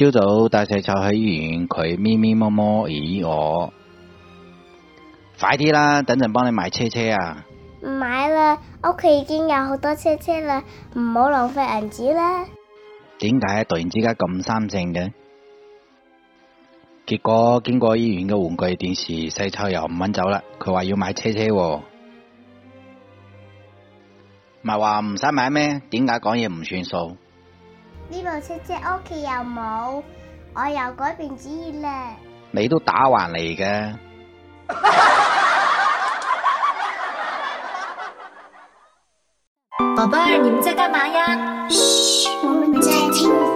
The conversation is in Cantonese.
朝早帶細湊去醫院，佢咪咪摸摸咦我，快啲啦，等陣幫你買車車啊！唔買啦，屋企已經有好多車車啦，唔好浪費銀紙啦。點解突然之間咁生性嘅？結果經過醫院嘅玩具電視，細臭又唔肯走啦。佢話要買車車啊，唔係話唔使買咩？點解講嘢唔算數？呢部車車屋企又冇，我又改變主意啦。你都打橫嚟嘅。寶貝兒，你們在幹嗎呀？我們在聽。